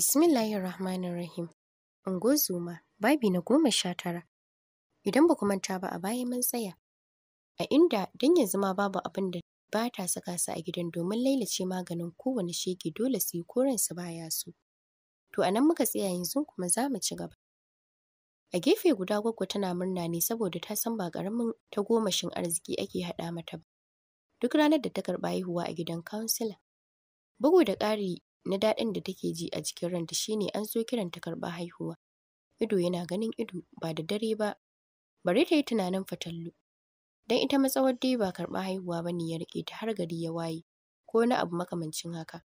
rahim, Ungozoma, babi na goma sha tara. Idan ba ku manta ba a baya mun tsaya. A inda don yanzu ma babu abin da ba ta saka su a gidan domin lailace maganin kowane shege dole su yi koren su baya su. To anan muka tsaya yanzu kuma za mu ci gaba. A gefe guda gwaggo tana murna ne saboda ta san ba ƙaramin ta goma shin arziki ake haɗa mata ba. Duk ranar da ta karɓa haihuwa a gidan kansila. Bugu da ƙari na daɗin da take ji a jikin ranta shine an zo kiran ta karɓa haihuwa ido yana ganin ido ba da dare ba bari ta yi tunanin fatallu dan ita matsawar dai ba karɓa haihuwa ba ne ya riƙe ta har gari ya waye ko na abu makamancin haka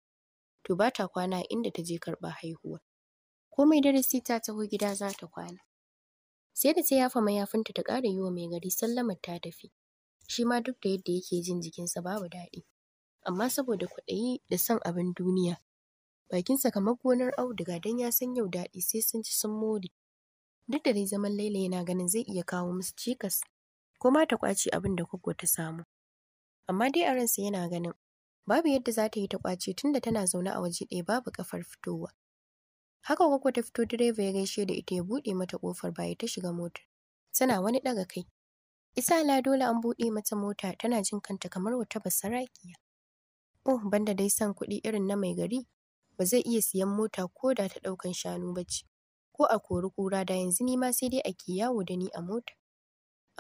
to ba ta kwana inda ta je karɓa haihuwa komai dare sai ta taho gida za ta kwana sai da ta yafa mayafinta ta ƙara yi wa mai gari sallamar ta tafi shi ma duk da yadda yake jin jikinsa babu daɗi amma saboda kwaɗayi da son abin duniya bakinsa kamar gonar auduga don ya san yau daɗi sai sun ci sun more. Duk da dai zaman Laila yana ganin zai iya kawo musu cikas, ko ma ta ƙwace abin da Koko ta samu. Amma dai a ransa yana ganin babu yadda za ta yi ta ƙwace tunda tana zaune a waje ɗaya babu ƙafar fitowa. Haka Koko ta fito direba ya gaishe da ita ya buɗe mata ƙofar baya ta shiga motar. Tana wani ɗaga kai. Isa la dole an buɗe mata mota tana jin kanta kamar wata basarakiya. Oh, banda dai son kuɗi irin na mai gari, ba zai iya siyan mota ko da ta ɗaukan shanu ba ce. Ko a kori kura da yanzu ni ma sai dai ake yawo da ni a mota.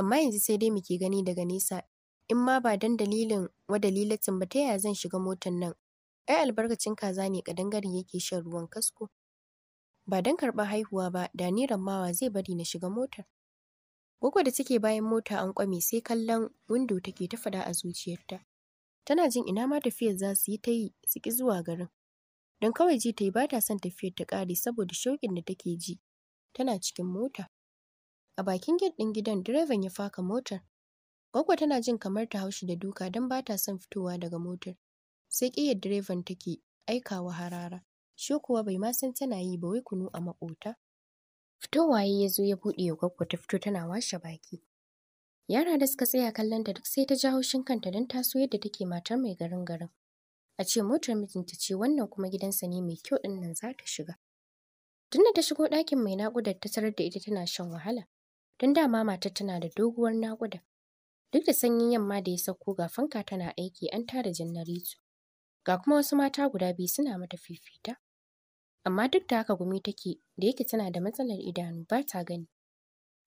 Amma yanzu sai dai muke gani daga nesa in ma ba dan dalilin wa dalilatin ba ta yaya zan shiga motan nan. Ai albarkacin kaza ne kadangare yake shan ruwan kasko. Ba dan karɓar haihuwa ba da ni rammawa zai bari na shiga motar. Gwagwa da take bayan mota an kwame sai kallon windo take ta fada a zuciyarta. Tana jin ina ma tafiyar za su yi ta yi su ki zuwa garin. don kawai ji ta yi ba ta son tafiyar ta ƙare saboda shauƙin da take ji. Tana cikin mota. A bakin gate ɗin gidan direban ya faka motar. Gwaggo tana jin kamar ta haushi da duka don ba ta son fitowa daga motar. Sai ƙiyar direban take aikawa harara. Shi kuwa bai ma san tana yi ba wai kunu a maƙota. fitowa ya zo ya buɗe ya gwaggo ta fito tana washe baki. Yara da suka tsaya kallon ta duk sai ta ja haushin kanta don ta so yadda take matar mai garin garin. a ce motar mijinta ce wannan kuma gidansa ne mai kyau ɗin nan za ta shiga. da ta shigo ɗakin mai naƙudar ta tarar da ita tana shan wahala, don dama matar tana da doguwar naƙuda. Duk da sanyin yamma da ya sauko ga fanka tana aiki an tara jannaritu. Ga kuma wasu mata guda biyu suna mata fifita. Amma duk da haka gumi take da yake tana da matsalar idanu bata gani.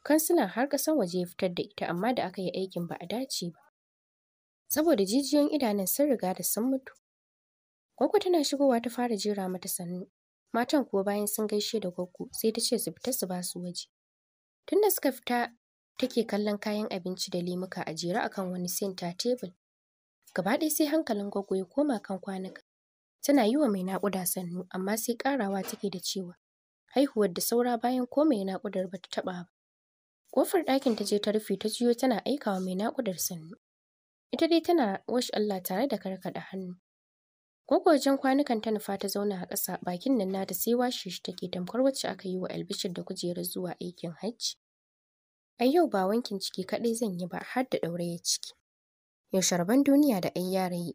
Kansilan har ƙasar waje ya fitar da ita amma da aka yi aikin ba a dace ba. Saboda jijiyoyin idanun sun riga da sun mutu. Gwaggo tana shigowa ta fara jera mata sannu. Matan kuwa bayan sun gaishe da gwaggo sai ta ce su fita su ba su waje. Tunda suka fita take kallon kayan abinci da lemuka a jere akan wani senta tebul. Gaba ɗaya sai hankalin gwaggo ya koma kan kwanuka. Tana yi wa mai naƙuda sannu amma sai ƙarawa take da cewa haihuwar da saura bayan ko mai naƙudar bata ta taɓa ba. Ƙofar ɗakin ta je ta rufe ta jiyo tana aikawa mai naƙudar sannu. Ita dai tana wash Allah tare da karkaɗa hannu. Gwaggwajen kwanukan ta nufa ta zauna a ƙasa bakin nan nata sai washe shi take tamkar wacce aka yi wa albishir da kujerar zuwa aikin hajji. Ai yau ba wankin ciki kaɗai zan yi ba har da ɗaurayar ciki. Yaushe rabon duniya da ai yara yi.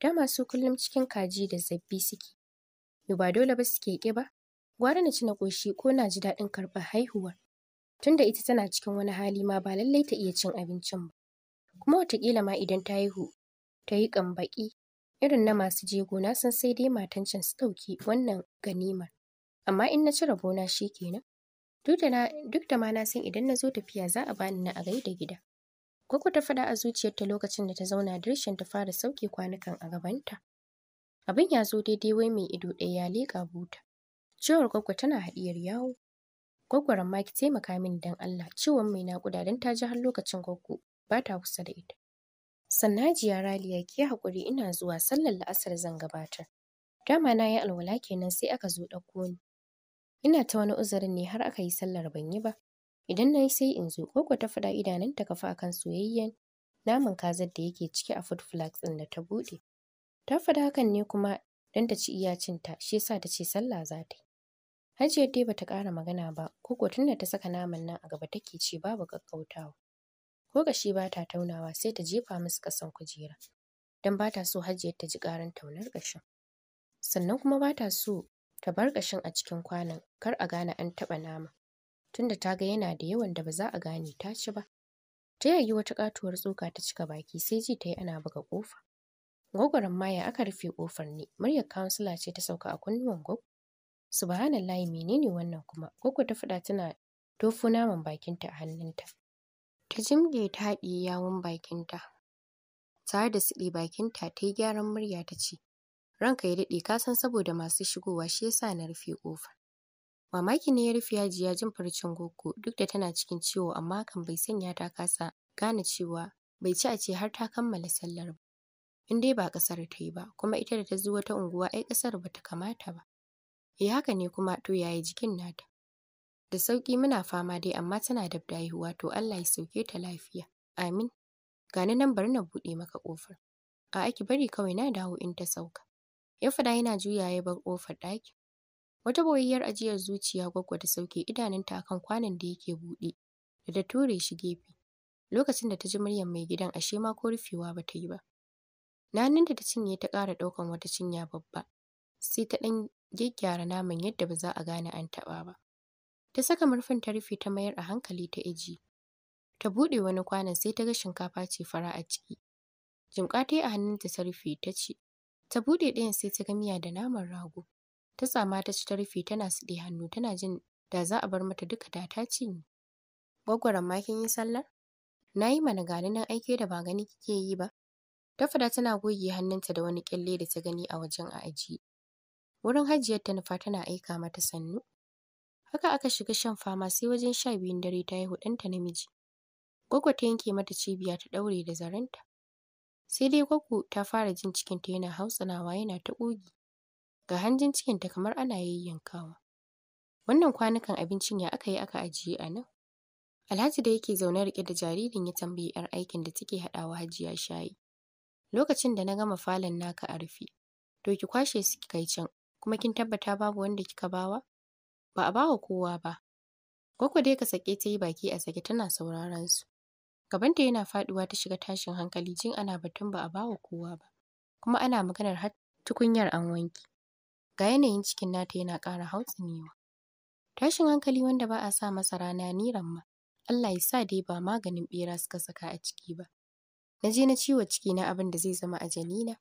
Da masu kullum cikin kaji da zabbi suke. Yau ba dole ba suke ƙi ba. Gwara na ci na ƙoshi ko na ji daɗin karɓar haihuwa Tunda ita tana cikin wani hali ma ba lallai ta iya cin abincin ba. Kuma wataƙila ma idan ta haihu ta yi ƙambaƙi Irin na masu jego na sun sai dai matan can su ɗauki wannan ganimar. Amma in na cire gona shi kenan. Duk da ma na san idan na zo tafiya za a bani na a da gida. Koko ta faɗa a zuciyarta lokacin da ta zauna dirshin ta fara sauke kwanukan a gabanta. Abin ya zo daidai wai mai ido ɗaya ya leƙa buta. Ciwon gwaggo tana haɗiyar yawo. Gwaggwaran ma ki taimaka min don Allah ciwon mai naƙuda don ta ji har lokacin gwaggo ba ta kusa da ita. Sannajiya Raliya ke haƙuri ina zuwa sallar la'asar zan gabatar. Dama na yi alwala kenan sai aka zo ɗauko ni. Ina ta wani uzurin ne har aka yi sallar ban yi ba. Idan na yi sai in zo koko ta faɗa ta kafa akan soyayyen naman kazar da yake ciki a food flask ɗin da ta buɗe. Ta fada hakan ne kuma don ta ci iya ta shi yasa ta ce sallah za ta yi. Hajiyar dai bata ƙara magana ba koko tunda ta saka naman nan a gaba take ce babu ƙaƙƙautawa. ko ba ta taunawa sai ta jefa musu ƙasan kujera don ba ta so hajiyar ta ji ƙaran taunar ƙashin sannan kuma ba ta so ta bar ƙashin a cikin kwanon kar a gane an taɓa nama tunda ta ga yana da yawan da ba za a gane ta ci ba ta yayi wata ƙatuwar tsoka ta cika baki sai ji ta yi ana buga ƙofa gwagwaron maya aka rufe ƙofar ne muryar kansila ce ta sauka a kunnuwan gwaggo subhanallahi menene wannan kuma Gogo ta faɗa tana tofu naman bakinta a hannunta Ta jimge ta haɗiye yawun bakinta. Tare da siɗe bakinta ta yi gyaran murya ta ce, Ranka ya daɗe ka san saboda masu shigowa shi ya sa na rufe ƙofa. Mamaki ne ya rufe Hajiya jin furcin Goggo duk da tana cikin ciwo amma kan bai sanya ta kasa gane cewa bai ci a ce har ta kammala sallar ba. In dai ba ƙasar ta yi ba kuma ita da ta zo wata unguwa ai ƙasar ba ta kamata ba. Eh haka ne kuma to yaya jikin nata? Da sauƙi muna fama dai amma tana dab da haihuwa to Allah ya sauke ta lafiya. Amin. Gani nan bari na buɗe maka ƙofar. a ki bari kawai na dawo in ta sauka. Ya faɗa yana juya ya bar ƙofar ɗaki. Wata boyayyar ajiyar zuciya gwaggwa da sauke idanunta akan kwanan da yake buɗe da ta ture shi gefe. Lokacin da ta ji muryar mai gidan ashe ma ko rufewa ba ta yi ba. da ta cinye ta ƙara ɗaukan wata cinya babba. Sai ta ɗan gyaggyara naman yadda ba za a gane an taɓa ba. Ta saka murfin ta rufe ta mayar a hankali ta aji. Ta buɗe wani kwanon sai ta ga shinkafa ce fara a ciki. jimka ta yi a hannunta ta rufe ta ce, ta buɗe ɗayan sai ta ga miya da naman rago. Ta tsama ta ci ta rufe tana siɗe hannu tana jin da za a bar mata duka da ta cinye. Gwaggwaran ma kin yi sallar? Na yi mana gani nan aike da ba gani kike yi ba. Ta fada tana goge hannunta da wani kyalle da ta gani a wajen a ajiye. Wurin hajiyar ta nufa tana aika mata sannu. Haka aka shiga shan fama sai wajen sha biyun dare ta haihu ɗanta namiji. Gwaggo ta yanke mata cibiya ta ɗaure da zarenta. Sai dai gwaggo ta fara jin cikinta yana hautsanawa yana ta ƙugi. Ga hanjin cikinta kamar ana yayyankawa. Wannan kwanukan abincin ya aka yi aka ajiye a nan? Alhaji da yake zaune rike da jaririn ya tambayi 'yar aikin da take haɗawa hajiya shayi. Lokacin da na gama falon naka a rufe, to ki kwashe su ki kai can, kuma kin tabbata babu wanda kika bawa? ba a bawa kowa ba. Gwaggo dai ka sake ta yi baki a sake tana sauraron su. Gabanta yana faduwa ta shiga tashin hankali jin ana batun ba a bawa kowa ba. Kuma ana maganar har tukunyar an wanke. Ga yanayin cikin nata yana ƙara hautsinewa. Tashin hankali wanda ba a sa masa rana ni ramma. Allah ya sa dai ba maganin bera suka saka a ciki ba. Na je na ciwo ciki na abin da zai zama a Janina.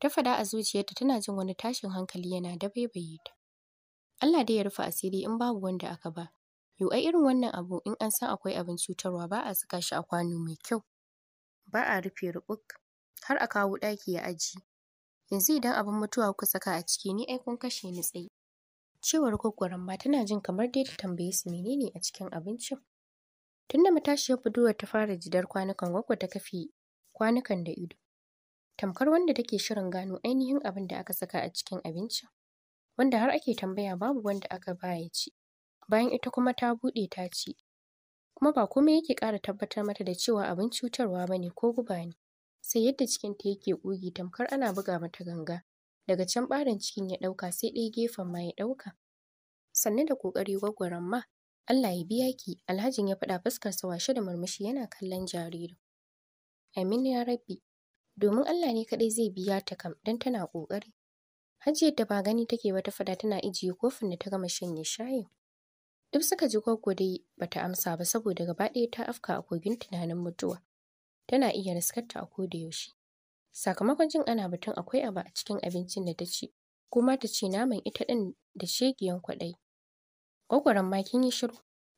Ta fada a zuciyarta tana jin wani tashin hankali yana dabaibaye ta. Allah dai ya rufe asiri in babu wanda aka ba. Yo ai irin wannan abu in an san akwai abin cutarwa ba a saka shi a kwano mai kyau. Ba a rufe rubuk. har a kawo ɗaki ya aji. Yanzu idan abin mutuwa kuka saka a ciki ni ai kun kashe ni tsaye. Cewar gwaggwaron ba tana jin kamar dai ta tambaye su menene a cikin abincin. Tunda matashiyar budurwar ta fara jidar kwanukan gwaggwa ta kafe kwanukan da ido. Tamkar wanda take shirin gano ainihin abin da aka saka a cikin abincin. wanda har ake tambaya babu wanda aka ba ya ci. Bayan ita kuma ta bude, ta ci. Kuma ba komai yake ƙara tabbatar mata da cewa abin cutarwa ba ne ko guba ne. Sai yadda cikin ta yake ƙugi tamkar ana buga mata ganga. Daga can ɓarin cikin ya ɗauka sai ɗaya gefen ma ya ɗauka. Sannu da ƙoƙari gwagwaran ma Allah ya biya ki, Alhajin ya faɗa sa washe da murmushi yana kallon jaririn. Amin ya rabbi, domin Allah ne kaɗai zai biya ta kam don tana ƙoƙari. Hajiyar da ba gani take ba ta faɗa tana ijiye kofin da ta gama shanye shayin. Duk suka ji gwaggo dai ba ta amsa ba saboda gaba ɗaya ta afka a kogin tunanin mutuwa. Tana iya raskarta a koda yaushe. Sakamakon jin ana batun akwai abu a cikin abincin da ta ci, kuma ta ce naman ita ɗin da shegiyan kwaɗayi. Gwagwaran ma kin yi shiru.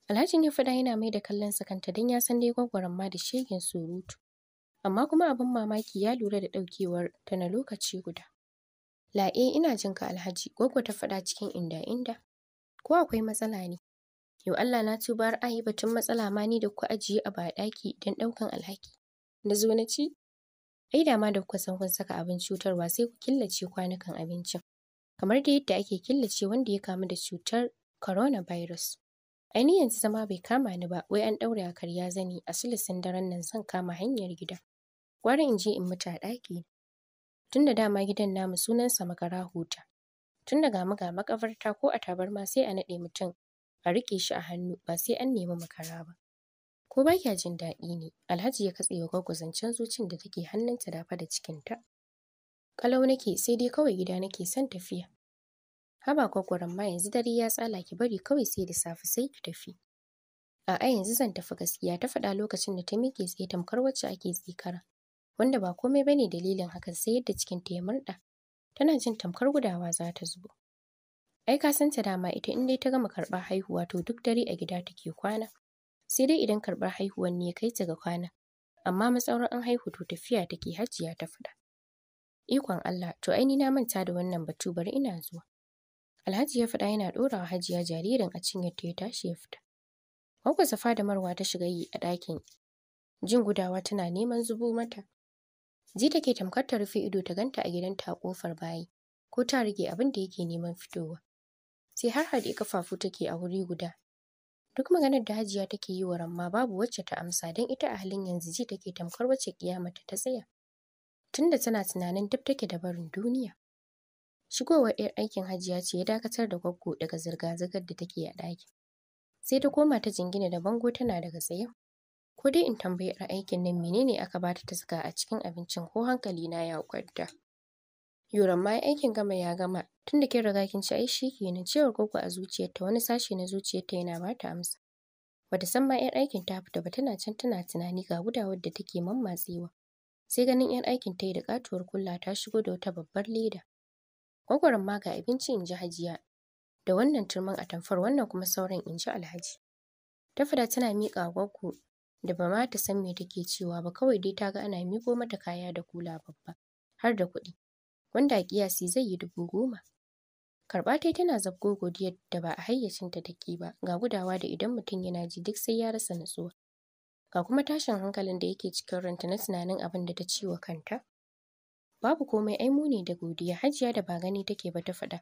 Alhajin ya faɗa yana mai da kallon kanta don ya san dai gwagwaran ma da shegin surutu. Amma kuma abin mamaki ya lura da ɗaukewar ta na lokaci guda. La'e eh, ina jin ka Alhaji, gwaggo ta faɗa cikin inda-inda. Ko akwai matsala ne? Yau Allah na tuba har ayi batun matsala ma ni da ku ajiye a baɗaki don ɗaukan alhaki. Na zo na ci? Ai da ma da kuka san kun saka abin cutarwa sai ku killace kwanukan abincin. Kamar da yadda ake killace wanda ya kamu da cutar coronavirus. ni yanzu zama bai kama ni ba, wai an ɗaure a karya zani a sulisin daren nan zan kama hanyar gida. Gwara in je in mutu a ɗaki. Tun da dama gidan namu sunansa makara huta tun daga gamu ga makabarta ko a tabarma sai a naɗe mutum a riƙe shi a hannu ba sai an nemi makara ba ko ba kya jin daɗi ne alhaji ya katse wa gwaggo zucin da take hannunta dafa da cikinta kalau nake sai dai kawai gida nake son tafiya haba gwagwaran ma yanzu dare ya tsala ki bari kawai sai da safe sai ki tafi a'a yanzu zan tafi gaskiya ta faɗa lokacin da ta miƙe tsaye tamkar wacce ake tsikara wanda ba komai ba ne dalilin hakan sai yadda cikinta ya murɗa. Tana jin tamkar gudawa za ta zubo. Ai ka san ta dama ita in dai ta gama karɓar haihuwa to duk dare a gida take kwana. Sai dai idan karɓar haihuwan ne ya kai ta ga kwana. Amma matsauran an haihu to tafiya take hajiya ta faɗa. Ikon Allah, to ai ni na manta da wannan batu bari ina zuwa. Alhaji ya faɗa yana ɗora wa Hajiya jaririn a ta ya tashi ya fita. Hauka Safa da Marwa ta shiga yi a ɗakin. Jin gudawa tana neman zubo mata. Ji ke tamkar ta rufe ido ta ganta a gidanta a kofar bayi ko ta rage abin da yake neman fitowa. Sai har haɗe kafafu take a wuri guda. Duk maganar da Hajiya take yi wa Ramma babu wacce ta amsa don ita a halin yanzu ji take tamkar wacce kiyamata ta tsaya. Tunda tana tunanin duk take da barin duniya. Shigowar 'yar aikin Hajiya ce ya dakatar da gwaggo daga zirga-zirgar da take a ɗakin. Sai ta koma ta jingina da bango tana daga tsaye. ko dai in tambayi yar aikin nan menene aka bata ta saka a cikin abincin ko hankali na ya kwanta yoran ma aikin gama ya gama tunda kin riga kin ci ai kenan cewar koko a zuciyarta wani sashi na zuciyarta yana bata amsa bata san ma yar aikin ta fita ba tana can tana tunani ga gudawar da take mammatsewa sai ganin yar aikin ta yi da katuwar kulla ta shigo da wata babbar leda gwagwarin ma ga abinci in ji hajiya da wannan turmin atamfar wannan kuma sauran in ji alhaji ta fada tana miƙa gwaggo da ba ma ta san me take cewa ba kawai dai ta ga ana miko mata kaya da kula babba har da kuɗi wanda a kiyasi zai yi dubu goma. Karɓa tai tana zabgo godiyar da ba a hayyacinta take ba ga gudawa da idan mutum yana ji duk sai ya rasa nutsuwa. Ga kuma tashin hankalin da yake cikin ranta na tunanin abin da ta ciwo kanta. Babu komai ai ne da godiya hajiya da ba gani take ba ta faɗa.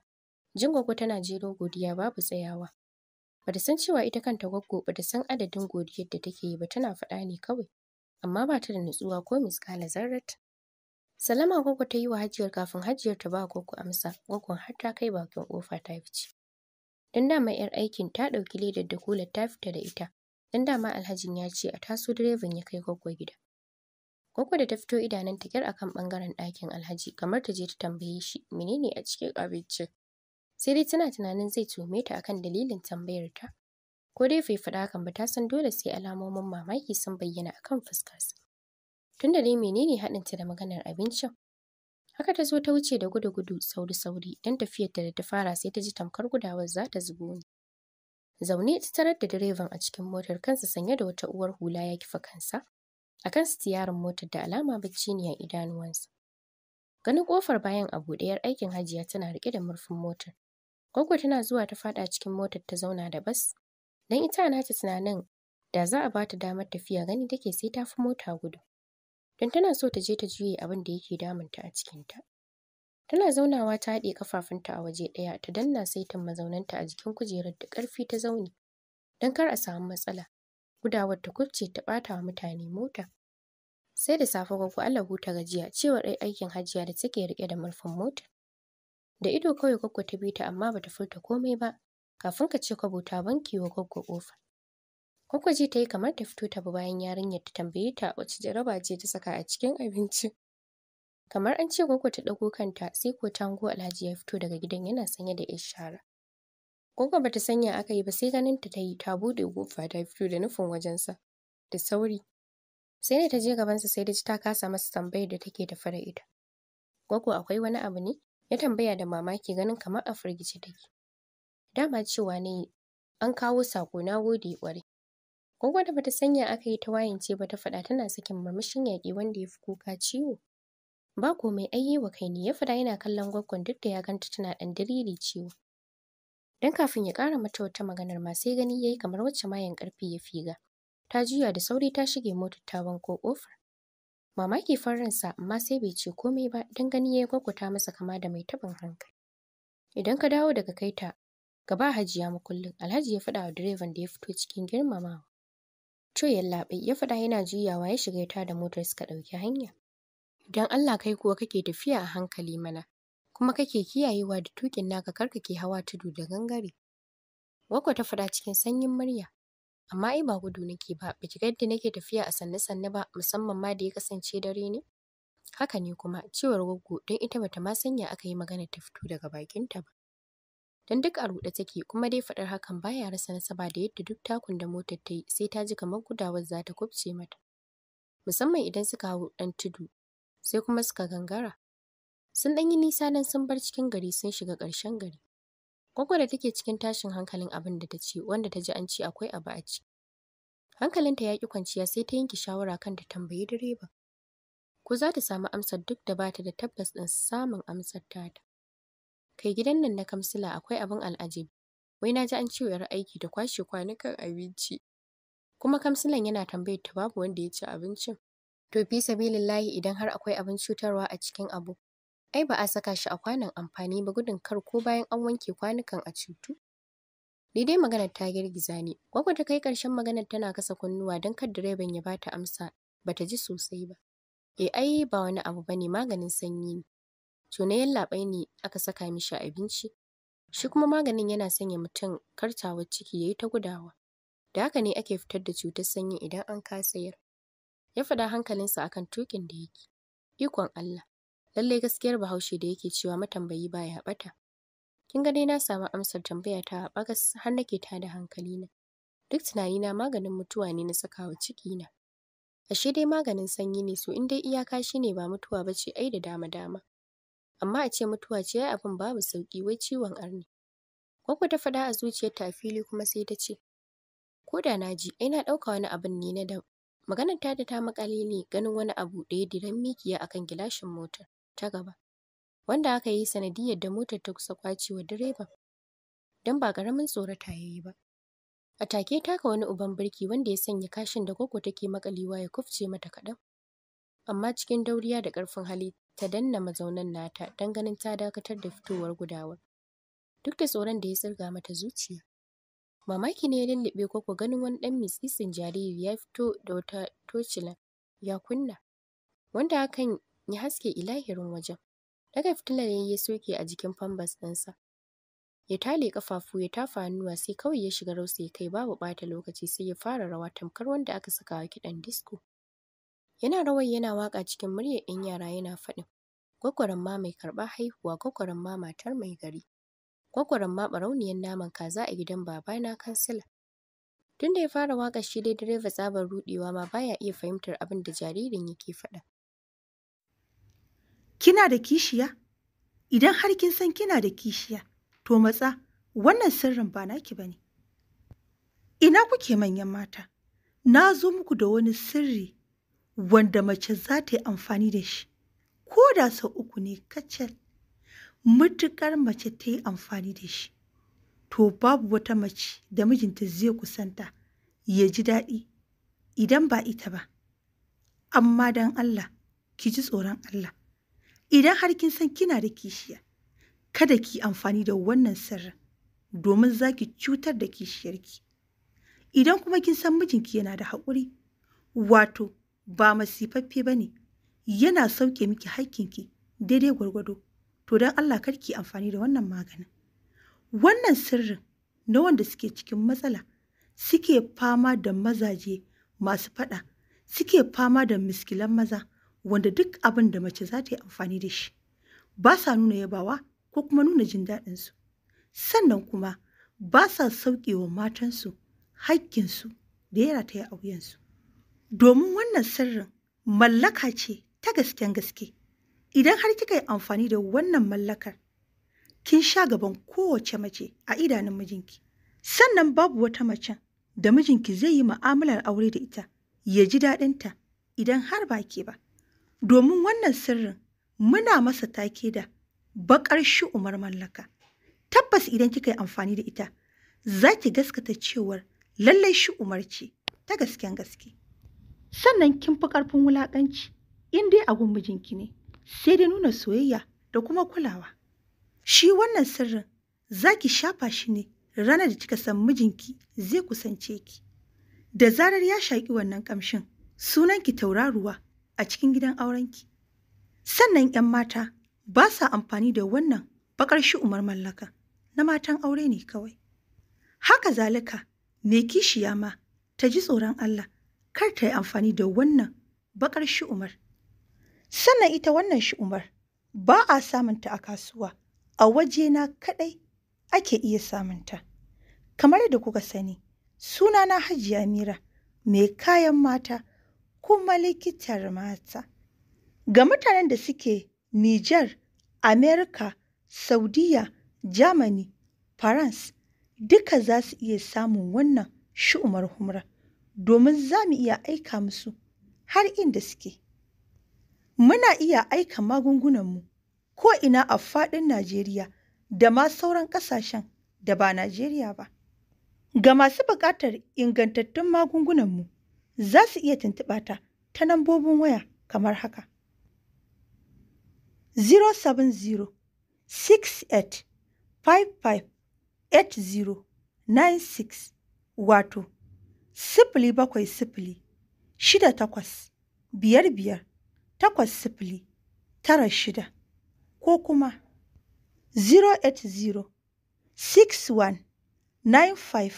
Jingwago tana jero godiya babu tsayawa. Bata san cewa ita kanta Gwaggo bata san adadin godiyar da take yi ba tana faɗa ne kawai. Amma bata da nutsuwa ko miskala zarrat. Salama Gwaggo ta yi wa Hajiyar kafin Hajiyar ta ba Gwaggo amsa. Gwaggon har ta kai bakin kofa ta fice. Dan dama 'yar aikin ta ɗauki ledar da kulat ta fita da ita. Dan dama alhajin ya ce a taso direban ya kai Gwaggo gida. Gwaggo da ta fito ta kyar akan ɓangaren ɗakin alhaji kamar ta je ta tambaye shi menene a cikin abincin. sai dai tana tunanin zai tuhume ta akan dalilin tambayar ta. Ko dai bai faɗa hakan ba ta san dole sai alamomin mamaki sun bayyana akan fuskarsa. Tunda dai menene ta da maganar abincin? Haka ta zo ta wuce da gudu-gudu sauri-sauri don tafiyarta da ta fara sai ta ji tamkar gudawar za ta zubo ni. Zaune ta tarar da direban a cikin motar kansa sanye da wata uwar hula ya kifa kansa. A kan sitiyarin motar da alama bacci ne a idanuwansa. Ganin kofar bayan abu ɗayar aikin hajiya tana riƙe da murfin motar. Gwaggo tana zuwa ta faɗa cikin motar ta zauna da bas. Dan ita na ta tunanin da za a ba ta damar tafiya gani take sai ta fi mota gudu. Don tana so ta je ta juye abin da yake damunta a cikinta. Tana zaunawa ta haɗe kafafunta a waje ɗaya ta danna sai ta mazaunanta a jikin kujerar da ƙarfi ta zaune. Don kar a samu matsala. Gudawar ta kubce ta ɓata wa mutane mota. Sai da safe gwaggo Allah huta gajiya cewar ai aikin hajiya da take riƙe da murfin mota. Da ido kawai Gwaggo ta bi ta amma bata furta komai ba. Kafin ka ce kwabo ta banki wa Gwaggo kofa Gwaggo ji ta yi kamar ta fito ta bi bayan yarinyar ta tambaye ta wace jaraba ce ta saka a cikin abinci. Kamar an ce Gwaggo ta ɗago kanta sai ko tango Alhaji ya fito daga gidan yana sanye da 'yar shara. Gwaggo bata sanya aka yi ba sai ganin ta ta yi ta buɗe kofa ta fito da nufin wajensa. Da sauri, sai da ta je gabansa sai da ta kasa masa tambayar da take da fara ita. Gwaggo akwai wani abu ne? ya tambaya da mamaki ganin kamar a firgice take dama cewa ne an kawo sako na gode ƙwarai gogo da bata sanya aka yi ta wayance ba ta faɗa tana sakin murmushin yaƙi wanda ya fi kuka ciwo ba komai ai wa kai ne ya faɗa yana kallon gwaggon duk da ya ganta tana ɗan diriri ciwo dan kafin ya ƙara mata wata maganar ma sai gani yayi kamar wacce mayan ƙarfi ya figa ta juya da sauri ta shige motar ta wanko ƙofar Mamaki farinsa amma sai bai ce komai ba don gani ya kwakwata masa kama da mai taɓin hankali. Idan ka dawo daga kai ta ba hajiya makullin Alhaji ya faɗa wa direban da ya fito cikin girmamawa. To laɓe, ya faɗa yana juyawa ya shiga ta da motar suka ɗauki hanya. Idan Allah kai kuwa kake tafiya a hankali mana kuma kake kiyayewa da tukin naka kar kake hawa tudu da gangare. Wakwa ta faɗa cikin sanyin murya amma ai ba gudu nake ba ba ki yadda nake tafiya a sanne sanne ba musamman ma da ya kasance dare ne haka ne kuma cewar goggo don ita bata ma sanya aka yi magana ta fito daga bakinta ba don duk a ruɗe take kuma dai faɗar hakan baya rasa nasaba da yadda duk takun da motar ta yi sai ta ji kamar gudawar za ta kubce mata musamman idan suka hau ɗan tudu sai kuma suka gangara sun ɗan yi nisa nan sun bar cikin gari sun shiga ƙarshen gari Gwaggo da take cikin tashin hankalin abin da ta ce, wanda ta ji an ce akwai abu a ciki. Hankalinta ya ƙi kwanciya sai ta yanke shawara kan ta tambayi direba. Ko za ta samu amsar duk da bata da tabbas ɗin samun amsar tata. Kai gidan nan na kamsila akwai abin al'ajabi. Wai na ji an ce yar aiki da kwashe kwanukan abinci. Kuma kamsilan yana tambayar ta babu wanda ya ci abincin. To fi sabilillahi idan har akwai abin cutarwa a cikin abu, Ai ba a saka shi a kwanon amfani ba gudun kar ko bayan an wanke kwanukan a cutu. Daidai maganar ta girgiza ne Gwagwa ta kai ƙarshen maganar tana kasa kunnuwa don kar direban ya bata amsa bata ji sosai ba. E ai ba wani abu bane maganin sanyi ne. To na yallaɓai ne aka saka mishi abinci. Shi kuma maganin yana sanya mutum kartawar ciki yayi ta gudawa. Da haka ne ake fitar da cutar sanyi idan an kasayar. ya faɗa hankalinsa akan tukin da yake. Ikon Allah. Lallai gaskiyar Bahaushe da yake cewa matambayi baya bata. Kin ga dai na samu amsar tambaya ta bagas har nake ta da hankali na. Duk tunanina maganin mutuwa ne na sakawa ciki na. Ashe dai maganin sanyi ne so in dai iyaka shine ba mutuwa ba ce ai da dama dama. Amma a ce mutuwa ce ai abin babu sauki wai ciwon arni. Koko ta faɗa a zuciyar ta fili kuma sai ta ce, Ko da na ji, ai na ɗauka wani abin ne na da Maganar ta da ta makale ne ganin wani abu da ya diran mikiya akan gilashin motar. ta gaba wanda aka yi sanadiyyar da motar ta kusa kwacewa direban don ba ƙaramin tsorata ya yi ba. A take taka wani uban birki wanda ya sanya kashin da koko take makalewa ya kufce mata kaɗan. Amma cikin dauriya da ƙarfin hali ta danna mazaunan nata don ganin ta dakatar da fitowar gudawar. Duk da tsoron da ya tsirga mata zuciya. Mamaki ne ya lullube koko ganin wani ɗan mitsitsin jariri ya fito da wata tocila ya kunna. Wanda hakan ya haske ilahirin wajen. Daga fitilar ya yi soke a jikin fambas ɗinsa. Ya tale ƙafafu ya tafa hannuwa sai kawai ya shiga ya kai babu ɓata lokaci sai ya fara rawa tamkar wanda aka saka wa kiɗan disko. Yana rawar yana waƙa cikin muryar ɗin yara yana faɗin. ma mai karɓa haihuwa gwagwaran ma matar mai gari. Gwagwaran ma ɓarauniyar naman kaza a gidan babana kansila. Tunda ya fara waƙa shi dai direba tsabar ruɗewa ma baya iya fahimtar abin da jaririn yake faɗa. Kina da kishiya? Idan har kin san kina da kishiya, to matsa, wannan sirrin ba naki ba ne. Ina kuke manyan mata? Na zo muku da wani sirri wanda mace za ta yi amfani da shi, ko da sau uku ne kacal, matuƙar mace ta yi amfani da shi. To babu wata mace da mijinta zai kusanta ya ji daɗi idan ba ita ba. Amma don Allah, ki ji tsoron Allah. Idan har kin san kina da kishiya, kada ki amfani da wannan sirrin domin za ki cutar da kishiyarki. Idan kuma kin san mijinki yana da haƙuri, wato ba masifaffe ba ne, yana sauke miki haƙƙinki daidai gwargwado, to don Allah kar ki amfani da wannan maganin. Wannan sirrin na wanda suke cikin matsala, suke fama da mazaje masu faɗa, suke fama da miskilan maza, wanda duk abin da mace za ta yi amfani da shi ba sa nuna yabawa ko kuma nuna jin daɗinsu sannan kuma ba sa sauƙewa matansu haƙƙinsu da ya ta yi wuyansu domin wannan sirrin mallaka ce ta gasken gaske idan har kika yi amfani da wannan mallakar kin sha gaban kowace mace a idanun mijinki sannan babu wata macen da mijinki zai yi mu'amalar aure da ita ya ji daɗinta idan har ba ke ba Domin wannan sirrin muna masa take da baƙar shi umar mallaka. Tabbas idan kika yi amfani da ita, za ki gaskata cewar lallai shi umar ce ta gasken gaske. Sannan kin fi ƙarfin wulaƙanci in dai a mijinki ne, sai dai nuna soyayya da kuma kulawa. Shi wannan sirrin za ki shafa shi ne ranar da kika san mijinki zai kusance ki. Da zarar ya shaƙi wannan ƙamshin, sunanki tauraruwa a cikin gidan aurenki. Sannan ‘yan mata ba sa amfani da wannan bakar umar mallaka na matan aure ne kawai. Haka zalika, me kishiya ma ta ji tsoron Allah kar ta yi amfani da wannan bakar umar. Sannan ita wannan umar ba a samunta a kasuwa, a wajena kaɗai ake iya samunta. Kamar da kuka sani, sunana Hajiya Mira, mai kayan mata. kuma likitar mata. Ga mutanen da suke Nijar, Amerika, Saudiya, Germany, France duka za su iya samun wannan shu'umar humra domin za mu iya aika musu har inda suke. Muna iya aika magungunanmu ko ina a faɗin Najeriya da ma sauran ƙasashen da ba Najeriya ba. Ga masu buƙatar ingantattun magungunanmu, za su iya tuntuɓa ta ta lambobin waya kamar haka. 070-68-55-80-96 wato sifili bakwai sifili shida takwas biyar biyar takwas sifili tara shida ko kuma 080 61 95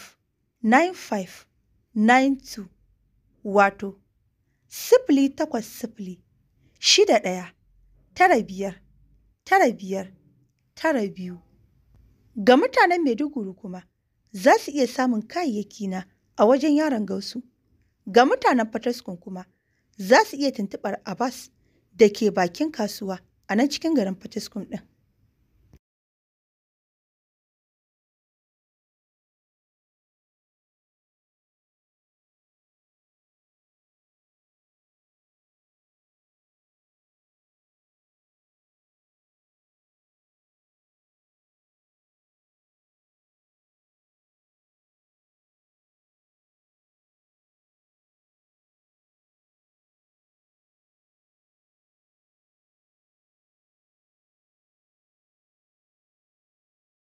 95 92 wato sifili takwas sifili shida ɗaya tara biyar tara biyar tara biyu. Ga mutanen Maiduguri kuma za su iya samun kayayyaki na a wajen yaron Gausu. Ga mutanen Fataskun kuma za su iya tuntuɓar Abbas da ke bakin kasuwa a nan cikin garin Fataskun ɗin.